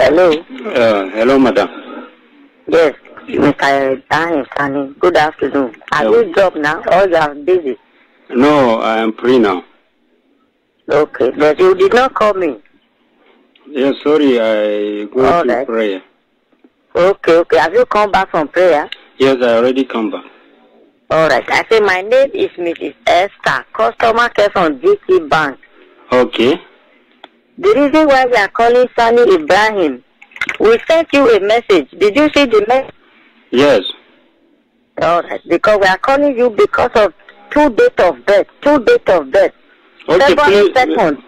Hello. Uh, hello, madam. Yes, Mr. Daniel Good afternoon. Are hello. you job now or you are busy? No, I am free now. Okay, but you did not call me. Yes, yeah, sorry, I go All to right. prayer. Okay, okay. Have you come back from prayer? Yes, I already come back. All right. I say my name is Mrs. Esther, customer care from GT Bank. Okay. The reason why we are calling Sani Ibrahim, we sent you a message. Did you see the message? Yes. All right, because we are calling you because of two date of birth, two date of birth. Okay, February please. Uh, second.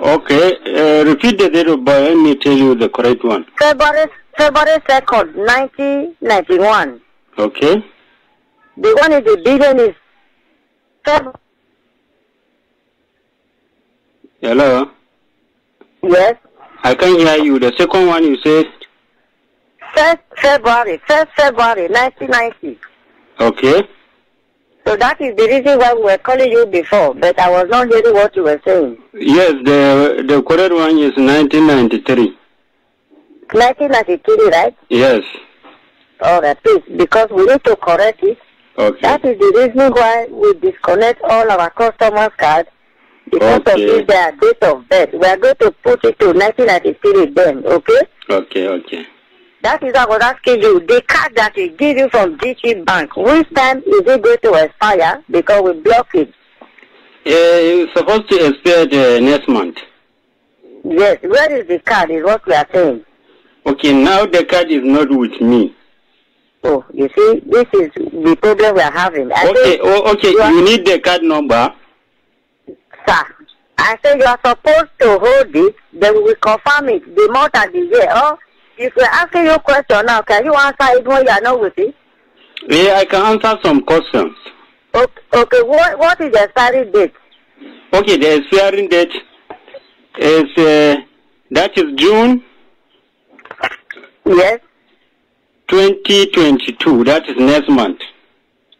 Okay, uh, repeat the date of birth. Let me tell you the correct one. February February second, nineteen ninety one. Okay. The one is the big one is February. Hello. Yes. I can hear you. The second one you said? First February, first February, 1990. Okay. So that is the reason why we were calling you before, but I was not hearing what you were saying. Yes, the the correct one is 1993. 1993, right? Yes. All right, please, because we need to correct it. Okay. That is the reason why we disconnect all our customers' cards because okay. of this their date of birth. We are going to put it to 1993 then, okay? Okay, okay. That is I was asking you. The card that we give you from GT Bank, which time is it going to expire? Because we block it. Yeah, it's supposed to expire the next month. Yes, where is the card is what we are saying. Okay, now the card is not with me. Oh, you see, this is the problem we are having. I okay, oh, okay, you, you need the card number sir. I said, you are supposed to hold it, then we confirm it the month and the year. Oh, if we're asking you a question now, can you answer it when you are not with it? Yeah, I can answer some questions. Okay, okay. What, what is the expiry date? Okay, the expiry date is, uh, that is June. Yes. 2022, that is next month.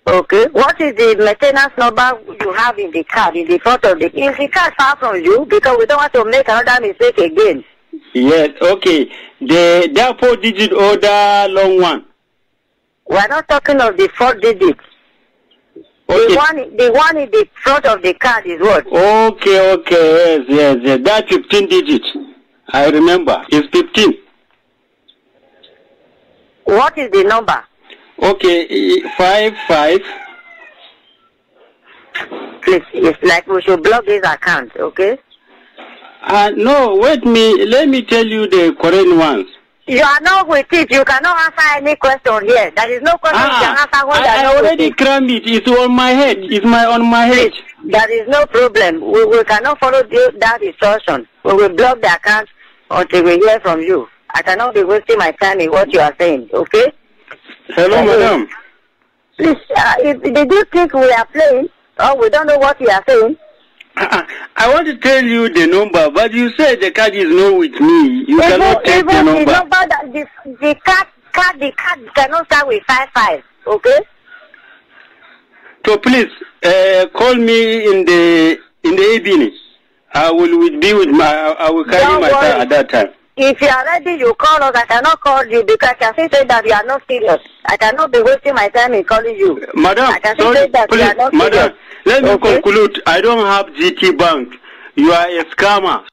Okay. What is the maintenance number having the card in the front of the is the card far from you because we don't want to make another mistake again. Yes, okay. The that four digit or long one. We are not talking of the four digit. Okay. The one the one in the front of the card is what? Okay, okay, yes, yes, yes. That fifteen digit. I remember. It's fifteen. What is the number? Okay, five five please. It's like we should block his account, okay? Uh, no, wait me. Let me tell you the correct ones. You are not with it. You cannot answer any question here. There is no question ah, you can ah, answer what I, I already crammed it. It's on my head. It's my on my head. Please, there is no problem. We, we cannot follow the, that instruction. We will block the account until we hear from you. I cannot be wasting my time in what you are saying, okay? Hello, madam. Please, uh, did you think we are playing? Oh, we don't know what you are saying. Uh-uh. I want to tell you the number, but you said the card is not with me. You even, cannot take the number. The number that the, the card, card, the card cannot start with five five. Okay. So please uh, call me in the in the evening. I will be with my. I will carry don't my worry. at that time. If you are ready, you call us. I cannot call you because I can still say that you are not serious. I cannot be wasting my time in calling you. Madam, I can sorry, say that please, you are not madam. serious. Let okay. me conclude. I don't have GT Bank. You are a scammer.